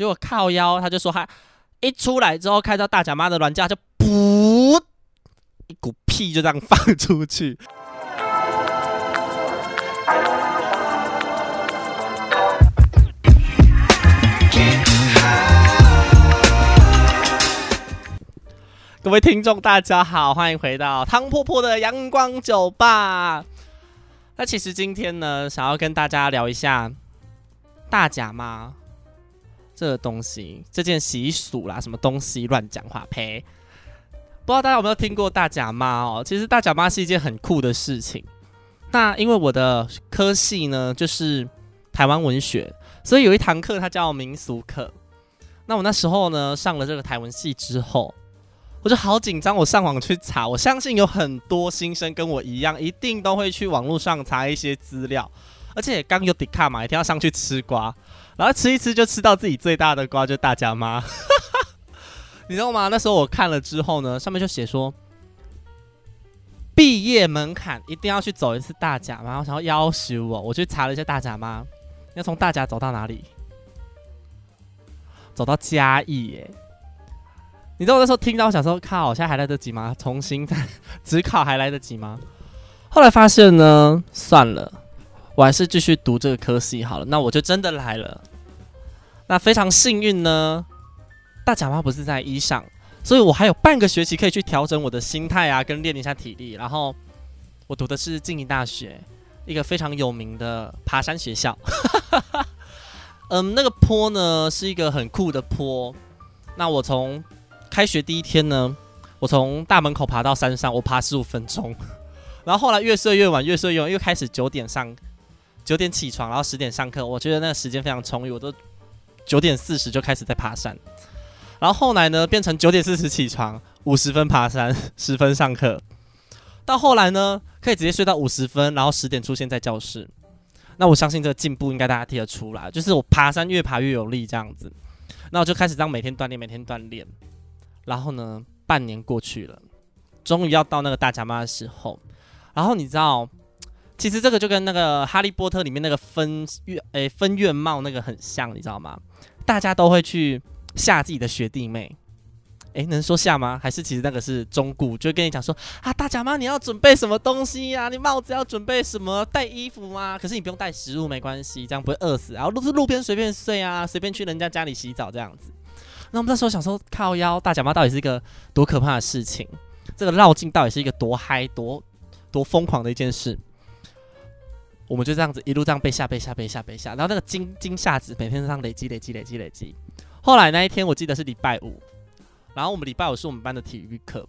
結果靠腰，他就說他一出來之後看到大甲媽的鑾駕，就噗一股屁就這樣放出去。各位聽眾，大家好，歡迎回到湯婆婆的陽光酒吧。那其實今天呢，想要跟大家聊一下大甲媽。這個東西，這件習俗啦，什麼東西亂講話？呸！不知道大家有沒有聽過大甲媽？哦？其實大甲媽是一件很酷的事情。那因為我的科系呢，就是台灣文學，所以有一堂課它叫民俗課。那我那時候呢，上了這個台文系之後，我就好緊張。我上網去查，我相信有很多新生跟我一樣，一定都會去網絡上查一些資料，而且剛有迪卡嘛，一定要上去吃瓜。然後吃一吃就吃到自己最大的瓜，就是、大甲媽， 你知道嗎？那時候我看了之後呢，上面就寫說畢業門檻一定要去走一次大甲媽，然後想要要挾我，我去查了一下大甲媽，要從大甲走到哪裡？走到嘉義耶、欸？你知道我那時候聽到我想說，靠，我現在還來得及嗎？重新再指考還來得及嗎？後來發現呢，算了，我還是繼續讀這個科系好了。那我就真的來了。那非常幸運呢，大甲媽不是在一上，所以我還有半個學期可以去調整我的心態啊，跟練一下體力。然後我讀的是靜宜大學，一個非常有名的爬山學校。 嗯，那個坡呢是一個很酷的坡。那我從開學第一天呢，我從大門口爬到山上，我爬十五分鐘。然後後來越睡越晚，越睡越晚，又開始九點上，九點起床，然後十點上課。我覺得那個時間非常充裕，我都。九點四十就開始在爬山，然後後來呢變成九點四十起床，五十分爬山，十分上課，到後來呢可以直接睡到五十分，然後十點出現在教室。那我相信這個進步應該大家聽得出來，就是我爬山越爬越有力這樣子。那我就開始這樣每天鍛鍊，每天鍛鍊。然後呢，半年過去了，終於要到那個大甲媽的時候。然後你知道，其實這個就跟那個《哈利波特》裡面那個分院誒分院帽那個很像，你知道嗎？大家都會去嚇自己的學弟妹，誒、欸，能說嚇嗎？還是其實那個是中蠱，就跟你講說啊，大甲媽你要準備什麼東西呀、啊？你帽子要準備什麼？帶衣服嗎？可是你不用帶食物，沒關係，這樣不會餓死啊。都是路邊隨便睡啊，隨便去人家家裡洗澡這樣子。那我們那時候想說，靠腰大甲媽到底是一個多可怕的事情？這個繞境到底是一個多嗨、多多瘋狂的一件事？我們就這樣子一路這樣被嚇被嚇被嚇被嚇，然後那個驚、驚嚇子每天這樣累積累積累積累積。後來那一天我記得是禮拜五，然後我們禮拜五是我們班的體育課，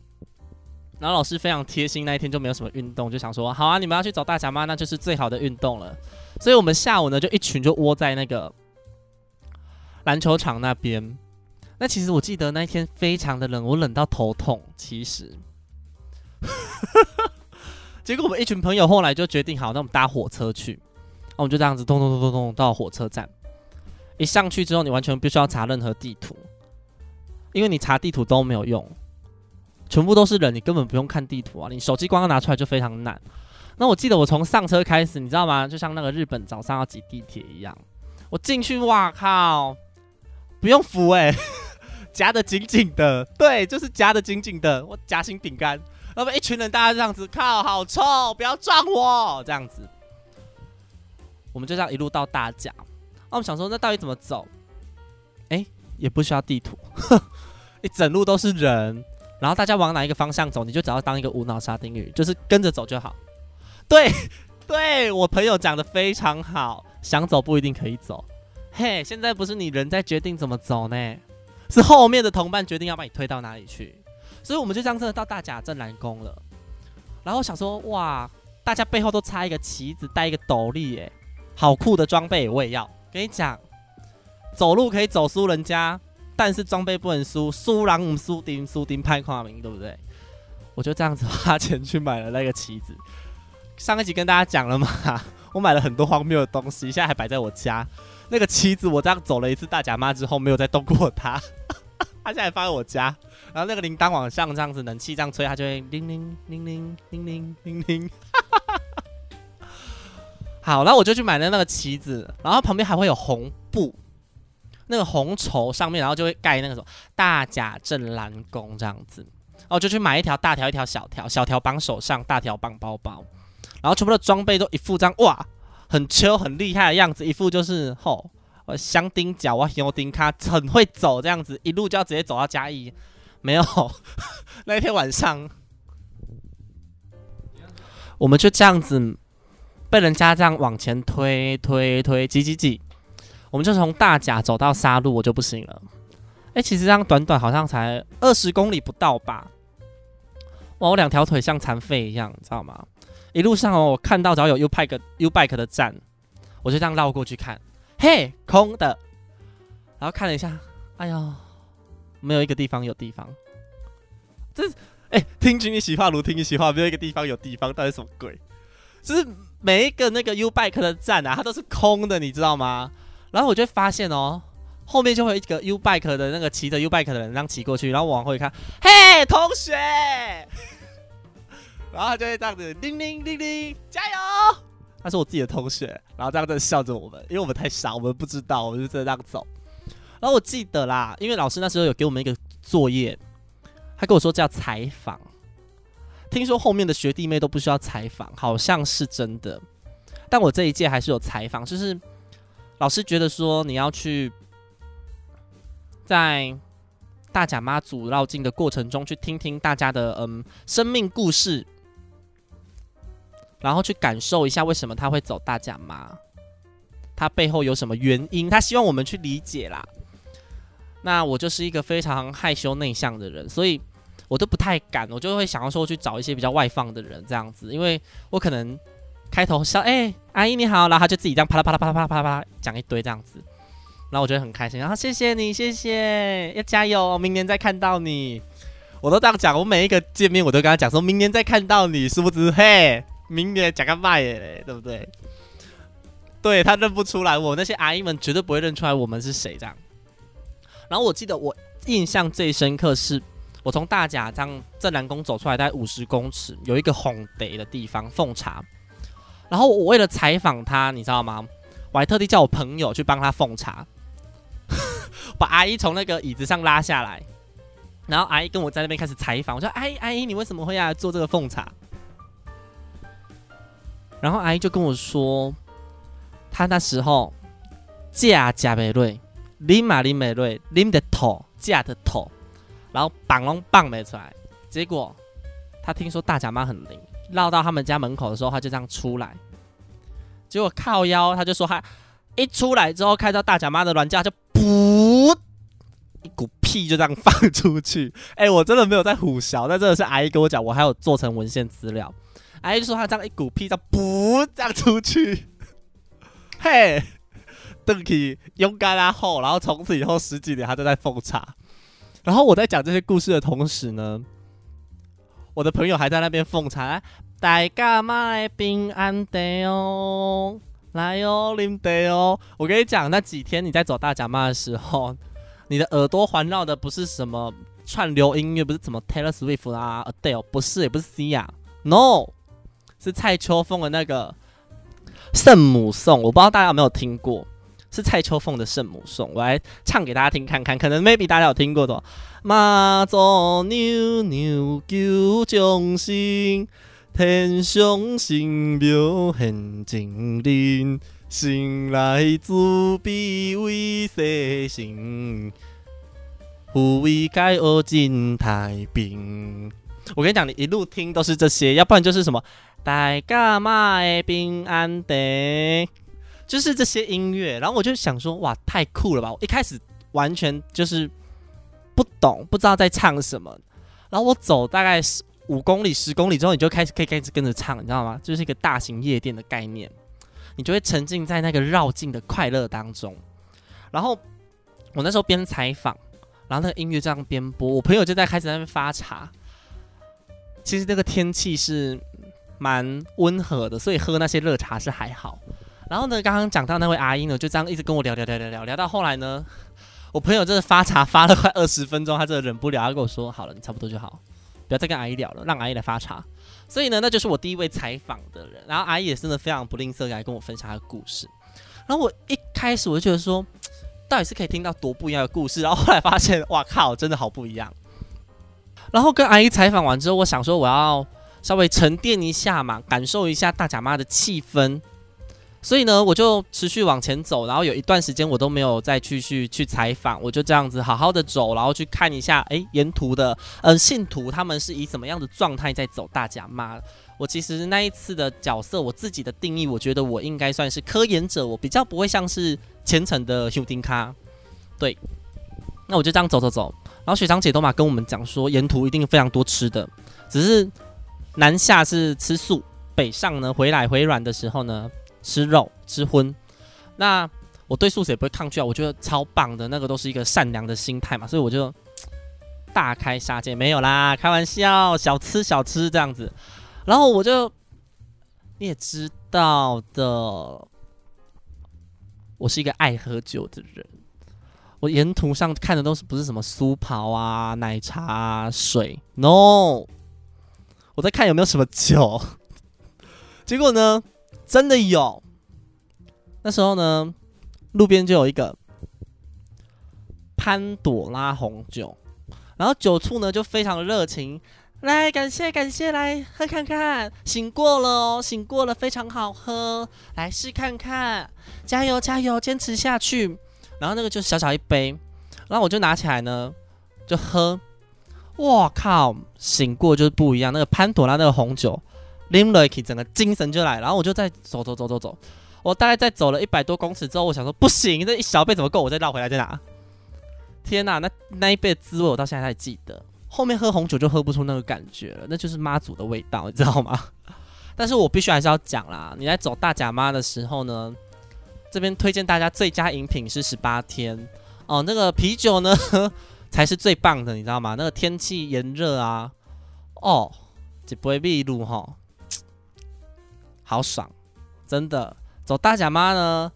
然後老師非常貼心，那一天就沒有什麼運動，就想說好啊，你們要去找大甲媽嘛，那就是最好的運動了。所以我們下午呢就一群就窩在那個籃球場那邊。那其實我記得那一天非常的冷，我冷到頭痛。其實。 結果我們一群朋友後來就決定好，那我們搭火車去。那我們就這樣子，咚咚咚咚咚，到火車站。一上去之後，你完全不需要查任何地圖，因為你查地圖都沒有用，全部都是人，你根本不用看地圖啊。你手機光要拿出來就非常難。那我記得我從上車開始，你知道嗎？就像那個日本早上要擠地鐵一樣，我進去，哇靠！不用扶哎、欸，夾 得緊緊的，對，就是夾得緊緊的，我夾心餅乾。要不然一群人，大家這樣子靠，好臭！不要撞我，這樣子。我們就這樣一路到大甲。那我們想說，那到底怎麼走？哎，也不需要地圖，哼，一整路都是人，然後大家往哪一個方向走，你就只要當一個無腦沙丁魚，就是跟着走就好。對，對我朋友講的非常好。想走不一定可以走。嘿，現在不是你人在決定怎麼走呢，是後面的同伴決定要把你推到哪裡去。所以我們就這樣子到大甲鎮瀾宮了，然後想說哇，大家背後都插一個旗子，戴一個斗笠，哎，好酷的裝備，我也要。跟你講，走路可以走輸人家，但是裝備不能輸，輸人毋輸陣，輸陣歹看面，對不對？我就這樣子花錢去買了那個旗子。上一集跟大家講了嘛，我買了很多荒謬的東西，現在還擺在我家。那個旗子，我這樣走了一次大甲媽之後，沒有再動過它。他現在放在我家，然後那個鈴鐺往上這樣子，冷氣這樣吹，它就會叮叮叮叮叮叮叮。好，然後我就去買了那個旗子，然後旁邊還會有紅布，那個紅綢上面，然後就會蓋那個什麼大甲鎮瀾宮這樣子。然後我就去買一條大條，一條小條，小條綁手上，大條綁包包，然後全部的裝備都一副這樣，哇，很 chill 很厲害的樣子，一副就是吼。香丁腳哇，香丁卡很會走，這樣子一路就要直接走到嘉義，沒有。 那天晚上，我們就這樣子被人家這樣往前推推推擠擠擠，我們就從大甲走到沙鹿，我就不行了。哎、欸，其實這樣短短好像才二十公里不到吧？哇，我兩條腿像殘廢一樣，你知道嗎？一路上哦，我看到只要有 Ubike Ubike 的站，我就這樣繞過去看。嘿、hey，空的，然後看了一下，哎呦，沒有一個地方有地方。這是，哎，聽君一席話，如聽君一席話，沒有一個地方有地方，到底是什麼鬼？就是每一個那個 U bike 的站啊，它都是空的，你知道嗎？然後我就會發現哦，後面就會有一個 U bike 的那個騎着 U bike 的人，這樣騎過去，然後往後一看，嘿，同學， 然後就會這樣子，叮叮叮叮，加油！他是我自己的同學，然後大家在笑着我們，因為我們太傻，我們不知道，我們就這樣走。然後我記得啦，因為老師那時候有給我們一個作業，他跟我說叫採訪。聽說後面的學弟妹都不需要採訪，好像是真的，但我這一屆還是有採訪，就是老師覺得說你要去在大甲媽祖繞境的過程中去聽聽大家的嗯生命故事。然後去感受一下為什麼他會走大甲媽嘛？他背後有什麼原因？他希望我們去理解啦。那我就是一個非常害羞內向的人，所以我都不太敢，我就會想要說去找一些比較外放的人這樣子，因為我可能開頭笑：哎、欸，阿姨你好”，然後他就自己這樣啪啦啪啦啪啦啪啦啪啦啪啦講一堆這樣子，然後我覺得很開心，然後謝謝你，謝謝，要加油，明年再看到你，我都這樣講，我每一個見面我都跟他講說，說明年再看到你，是不是？嘿。明年講個賣耶，對不對？對，他認不出來我，我那些阿姨們絕對不會認出來我們是誰這樣。然後我記得我印象最深刻是我從大甲鎮瀾宮走出來，大概五十公尺，有一個紅爹的地方奉茶。然後我為了採訪他，你知道嗎？我還特地叫我朋友去幫他奉茶， 把阿姨從那個椅子上拉下來。然後阿姨跟我在那邊開始採訪，我說：“阿姨阿姨，你為什麼會要來、啊、做這個奉茶？”然後阿姨就跟我說，她那時候架假美瑞拎嘛拎美瑞拎的頭架的頭，然後棒龍棒沒出來。結果他聽說大甲媽很靈，繞到他們家門口的時候，他就這樣出來。結果靠腰，他就說他一出來之後看到大甲媽的鑾駕就噗一股屁就這樣放出去。哎，我真的沒有在唬小，但真的是阿姨跟我講，我還有做成文獻資料。哎、啊，就說他這樣一股屁這樣，他不讓出去。嘿，鄧啟勇敢啦、啊、好，然後從此以後十幾年他都在奉茶。然後我在講這些故事的同時呢，我的朋友還在那邊奉茶。來、啊，大甲媽平安德哦，來哦林德哦。我跟你講，那幾天你在走大甲媽的時候，你的耳朵環繞的不是什麼串流音樂，不是什麼 Taylor Swift 啦、啊、a d、哦、不是，也不是西雅。No，是蔡秋鳳的那個《聖母頌》，我不知道大家有沒有聽過，是蔡秋鳳的《聖母頌》，我來唱給大家聽看看，可能 Maybe 大家有聽過的。媽祖娘娘救眾生，天上聖母顯神靈，生來慈悲為世心，普為解厄盡太平。我跟你講，你一路聽都是這些，要不然就是什麼《大甲媽的平安得》，就是這些音樂。然後我就想說，哇，太酷了吧！我一開始完全就是不懂，不知道在唱什麼。然後我走大概五公里、十公里之後，你就開始可以開始跟着唱，你知道嗎？就是一個大型夜店的概念，你就會沉浸在那個繞境的快樂當中。然後我那時候邊採訪，然後那個音樂這樣邊播，我朋友就在開始在那邊發茶。其實那個天氣是蠻溫和的，所以喝那些熱茶是還好。然後呢，剛剛講到那位阿姨呢，就這樣一直跟我聊聊聊聊聊，聊到後來呢，我朋友真的發茶發了快二十分鐘，他真的忍不了，他跟我說：“好了，你差不多就好，不要再跟阿姨聊了，讓阿姨來發茶。”所以呢，那就是我第一位採訪的人。然後阿姨也真的非常不吝嗇地來跟我分享她的故事。然後我一開始我就覺得說，到底是可以聽到多不一樣的故事。然後後來發現，哇靠，真的好不一樣。然後跟阿姨採訪完之後，我想說我要稍微沉澱一下嘛，感受一下大甲媽的氣氛。所以呢，我就持續往前走，然後有一段時間我都沒有再繼續去採訪，我就這樣子好好的走，然後去看一下，哎，沿途的嗯、呃、信徒他們是以什麼樣的狀態在走大甲媽。我其實那一次的角色，我自己的定義，我覺得我應該算是科研者，我比較不會像是虔誠的修丁咖。對，那我就這樣走走走。然後學長姐都嘛，跟我們講說沿途一定非常多吃的，只是南下是吃素，北上呢，回來回鑾的時候呢，吃肉吃葷。那我對素食也不會抗拒啊，我覺得超棒的，那個都是一個善良的心態嘛，所以我就大開殺戒。沒有啦，開玩笑，小吃小吃這樣子。然後我就，你也知道的，我是一個愛喝酒的人。我沿途上看的都是不是什麼蘇袍啊、奶茶啊、水？No，我在看有沒有什麼酒。 結果呢，真的有。那時候呢，路邊就有一個潘朵拉紅酒，然後酒處呢就非常熱情，來感謝感謝，來喝看看，醒過了哦，醒過了，非常好喝，來試看看，加油加油，堅持下去。然後那個就小小一杯，然後我就拿起來呢，就喝。我靠，醒過就是不一樣。那個潘朵拉那個紅酒拎了一 l 整個精神就來了。然後我就在走走走走走，我大概在走了一百多公尺之後，我想說不行，這一小杯怎麼夠？我再繞回來再拿。天哪，那那一杯的滋味我到現在還記得。後面喝紅酒就喝不出那個感覺了，那就是媽祖的味道，你知道嗎？但是我必須還是要講啦，你在走大假媽的時候呢，這邊推薦大家最佳飲品是十八天哦，那個啤酒呢才是最棒的，你知道嗎？那個天氣炎熱啊，哦，一杯秘路哈，好爽，真的。走大甲媽呢，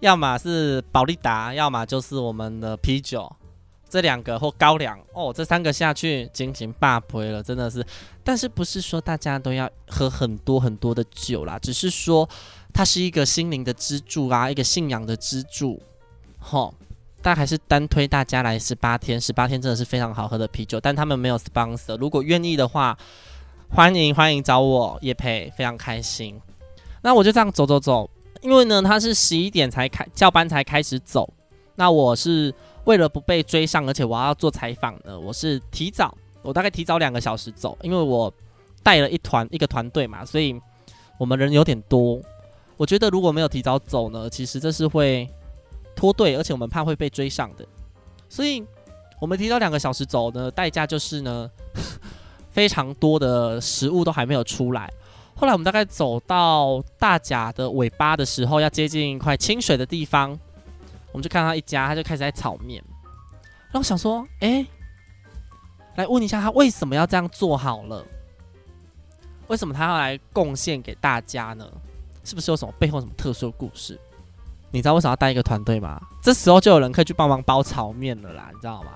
要麼是保力達，要麼就是我們的啤酒，這兩個或高粱哦，這三個下去進行霸杯了，真的是。但是不是說大家都要喝很多很多的酒啦，只是說。它是一個心靈的支柱啊，一個信仰的支柱。吼、哦，但還是單推大家來十八天，十八天真的是非常好喝的啤酒。但他們沒有 sponsor，如果願意的話，歡迎歡迎找我業配，非常開心。那我就這樣走走走，因為呢，他是十一點才開轎班才開始走。那我是為了不被追上，而且我要做採訪呢，我是提早，我大概提早兩個小時走，因為我帶了一團一個團隊嘛，所以我們人有點多。我覺得如果沒有提早走呢，其實這是會脫隊，而且我們怕會被追上的。所以，我們提早兩個小時走呢，代價就是呢，非常多的食物都還沒有出來。後來我們大概走到大甲的尾巴的時候，要接近一塊清水的地方，我們就看到一家，他就開始在炒麵。然後我想說，哎、欸，來問一下他為什麼要這樣做好了？為什麼他要來貢獻給大家呢？是不是有什麼背後什麼特殊的故事？你知道為什麼要帶一個團隊嗎？這時候就有人可以去幫忙包炒麵了啦，你知道嗎？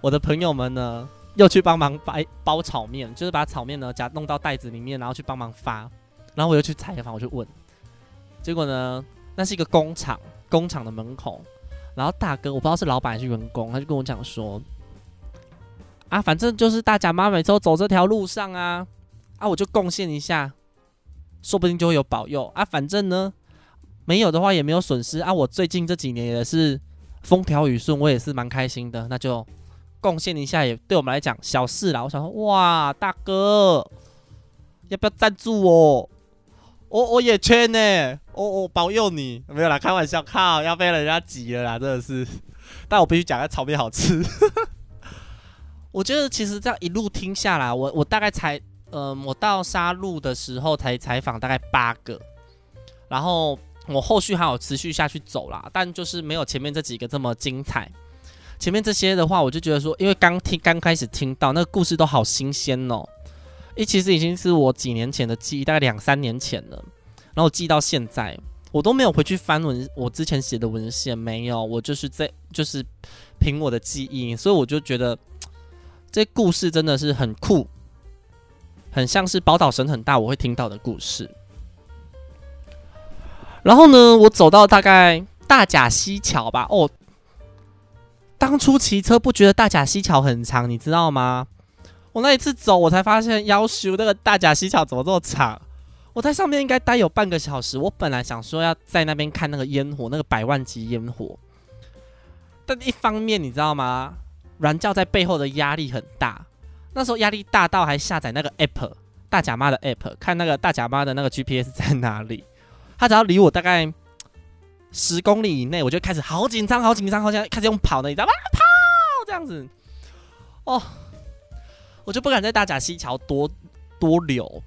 我的朋友們呢，又去幫忙包包炒麵，就是把炒麵呢夾弄到袋子裡面，然後去幫忙發。然後我又去採訪，我就問，結果呢，那是一個工廠，工廠的門口，然後大哥我不知道是老板還是員工，他就跟我講說，啊，反正就是大甲媽每周走這條路上啊，啊，我就貢獻一下。說不定就會有保佑啊！反正呢，沒有的話也沒有損失啊！我最近這幾年也是風調雨順，我也是蠻開心的。那就貢獻一下，也對我們來講小事啦。我想說，哇，大哥，要不要贊助哦？我我也缺呢。哦哦，保佑你！沒有啦，開玩笑。靠，要被人家擠了啦，真的是。但我必須講，那炒麵好吃。 我覺得其實這樣一路聽下來，我我大概才。嗯，我到沙鹿的時候才採訪大概八個，然後我後續還有持續下去走啦，但就是沒有前面這幾個這麼精彩。前面這些的話，我就覺得說，因為剛聽剛開始聽到那個故事都好新鮮哦、喔，一其實已經是我幾年前的記憶，大概兩三年前了。然後我記到現在，我都沒有回去翻文，我之前寫的文獻沒有，我就是在就是憑我的記憶，所以我就覺得這故事真的是很酷。很像是寶島神很大，我會聽到的故事。然後呢，我走到大概大甲溪橋吧。哦，當初騎車不覺得大甲溪橋很長，你知道嗎？我那一次走，我才發現要修那個大甲溪橋怎麼這麼長。我在上面應該待有半個小時。我本來想說要在那邊看那個煙火，那個百萬級煙火。但一方面你知道嗎？遶境在背後的壓力很大。那時候壓力大到還下載那個 App，大甲媽的 App，看那個大甲媽的那個 GPS 在哪裡。他只要離我大概十公里以內，我就開始好緊張，好緊張，好像開始用跑的，你知道嗎、啊？跑這樣子。哦，我就不敢在大甲西橋多多留。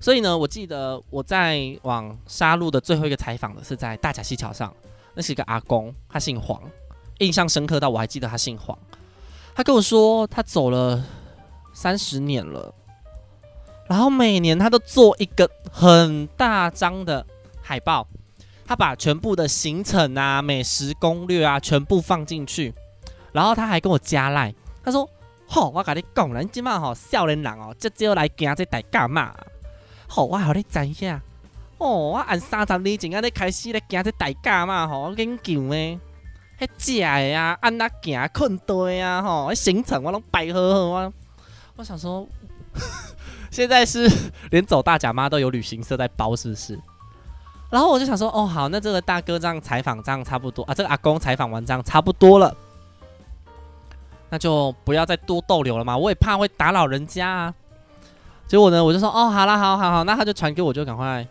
所以呢，我記得我在往沙鹿的最後一個採訪的是在大甲西橋上，那是一個阿公，他姓黃，印象深刻到我還記得他姓黃。他跟我說他走了，三十年了，然後每年他都做一個很大張的海報，他把全部的行程啊、美食攻略啊全部放進去。然後他還跟我加賴，他說：“吼、哦，我跟你講，你今嘛吼，少年郎哦，這招、哦、來行這大甲媽。吼、哦，我好你一下哦，我按三十年前啊咧開始咧行這大甲媽，吼、哦，我跟講咧，迄只的啊，安那行困地啊，吼，啊哦、行程我攏排好好啊。”我想說，現在是連走大甲媽都有旅行社在包，是不是？然後我就想說，哦，好，那這個大哥這樣採訪這樣差不多啊，這個阿公採訪完這樣差不多了，那就不要再多逗留了嘛，我也怕會打擾人家啊。結果呢，我就說，哦，好了，好好好，那他就傳給我，就趕快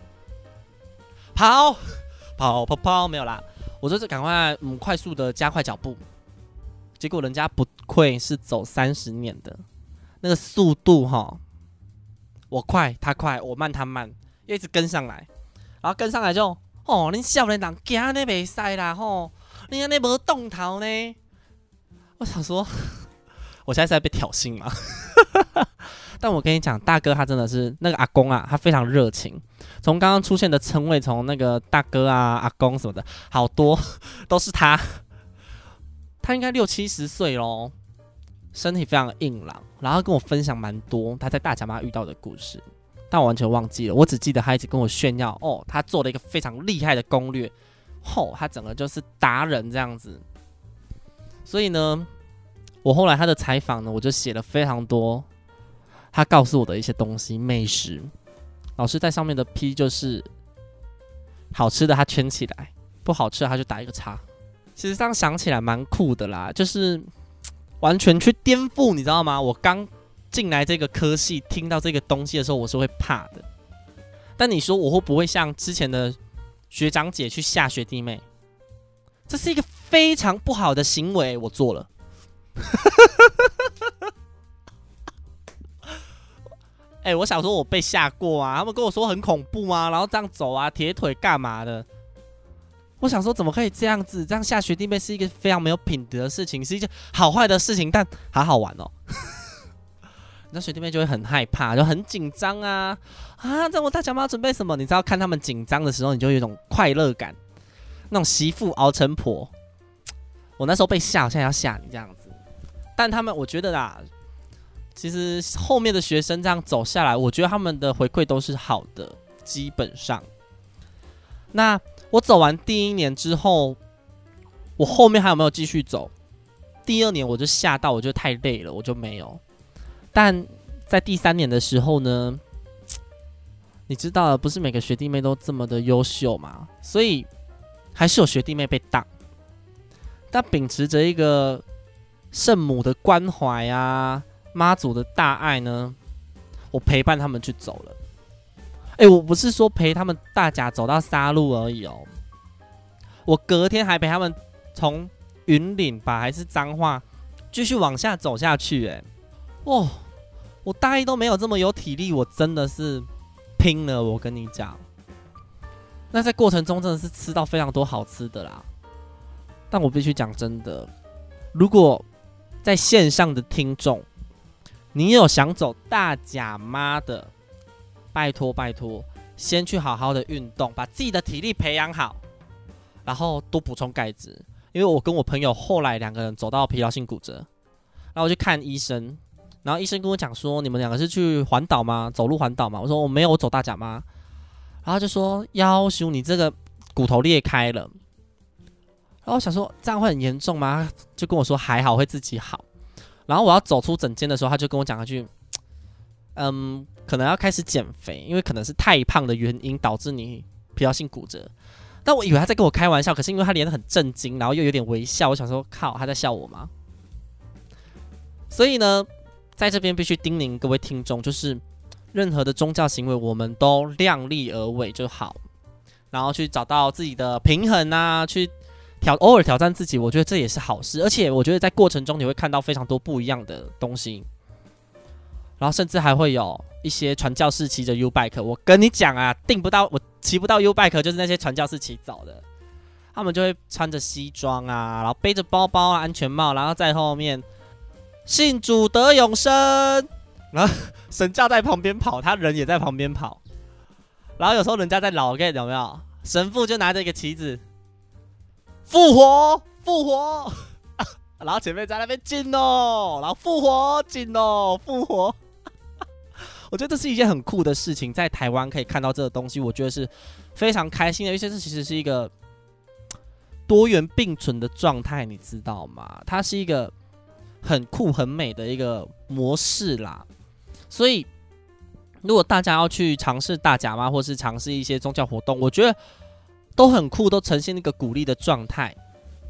跑跑跑跑，跑，沒有啦。我說就趕快嗯，快速的加快腳步。結果人家不愧是走三十年的。那個速度哈、哦，我快他快，我慢他慢，一直跟上來，然後跟上來就哦，你笑年人家呢？未塞啦吼，你看你無動頭呢。我想說，我現在是在被挑釁嗎？ 但我跟你講，大哥他真的是那個阿公啊，他非常熱情，從剛剛出現的稱謂，從那個大哥啊、阿公什麼的，好多都是他，他應該六七十歲嘍。身體非常的硬朗，然後跟我分享蠻多他在大甲媽遇到的故事，但我完全忘記了，我只記得他一直跟我炫耀哦，他做了一個非常厲害的攻略，吼、哦，他整個就是達人這樣子。所以呢，我後來他的採訪呢，我就寫了非常多他告訴我的一些東西，美食老師在上面的批就是好吃的他圈起來，不好吃的他就打一個叉。其實這樣想起來蠻酷的啦，就是。完全去顛覆，你知道嗎？我剛進來這個科系，聽到這個東西的時候，我是會怕的。但你說我會不會像之前的學長姐去嚇學弟妹？這是一個非常不好的行為，我做了。哎、 欸，我小時候我被嚇過啊，他們跟我說很恐怖嗎、啊？然後這樣走啊，鐵腿幹嘛的？我想說，怎麼可以這樣子？這樣嚇學弟妹是一個非常沒有品德的事情，是一件好壞的事情，但好好玩哦。 那學弟妹就會很害怕，就很緊張啊啊！在、啊、我大甲媽要準備什麼？你知道，看他們緊張的時候，你就有一種快樂感，那種媳婦熬成婆。我那時候被嚇，我現在要嚇你這樣子。但他們，我覺得啦，其實後面的學生這樣走下來，我覺得他們的回饋都是好的，基本上。那。我走完第一年之後，我後面還有沒有繼續走？第二年我就嚇到，我就太累了，我就沒有。但在第三年的時候呢，你知道了，不是每個學弟妹都這麼的優秀嘛，所以還是有學弟妹被當。但秉持着一個聖母的關懷啊，媽祖的大愛呢，我陪伴他們去走了。哎、欸，我不是說陪他們大甲走到沙鹿而已哦，我隔天還陪他們從雲林吧，還是彰化繼續往下走下去，欸。哎，哦，我大一都沒有這麼有體力，我真的是拼了，我跟你講。那在過程中真的是吃到非常多好吃的啦，但我必須講真的，如果在線上的聽眾，你有想走大甲媽的？拜託拜託，先去好好的運動，把自己的體力培養好，然後多補充鈣質。因為我跟我朋友後來兩個人走到疲勞性骨折，然後我去看醫生，然後醫生跟我講說，你們兩個是去環島嗎？走路環島嗎？我說我沒有，我走大甲媽。然後就說，夭壽，你這個骨頭裂開了。然後我想說，這樣會很嚴重嗎？就跟我說還好會自己好。然後我要走出診間的時候，他就跟我講一句。嗯，可能要開始減肥，因為可能是太胖的原因導致你疲勞性骨折。但我以為他在跟我開玩笑，可是因為他臉很震驚，然後又有點微笑，我想說靠，他在笑我嗎？所以呢，在這邊必須叮嚀各位聽眾，就是任何的宗教行為，我們都量力而為就好，然後去找到自己的平衡啊，去挑偶爾挑戰自己，我覺得這也是好事，而且我覺得在過程中你會看到非常多不一樣的東西。然後甚至還會有一些傳教士騎着 U bike，我跟你講啊，定不到我騎不到 U bike，就是那些傳教士騎走的。他們就會穿着西裝啊，然後背着包包啊，安全帽，然後在後面，信主得永生，然後神轎在旁邊跑，他人也在旁邊跑。然後有時候人家在老 K 有沒有？神父就拿着一個旗子，復活，復活，啊，然後姐妹在那邊進哦，Gino, 然後復活，進哦，復活。我覺得這是一件很酷的事情，在台灣可以看到這個東西，我覺得是非常開心的。一些事其實是一個多元並存的狀態，你知道嗎？它是一個很酷很美的一個模式啦。所以，如果大家要去嘗試大甲媽，或是嘗試一些宗教活動，我覺得都很酷，都呈現那個鼓勵的狀態。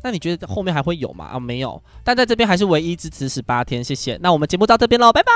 那你覺得後面還會有嗎？啊、哦，沒有。但在這邊還是唯一支持十八天，謝謝。那我們節目到這邊嘍，拜拜。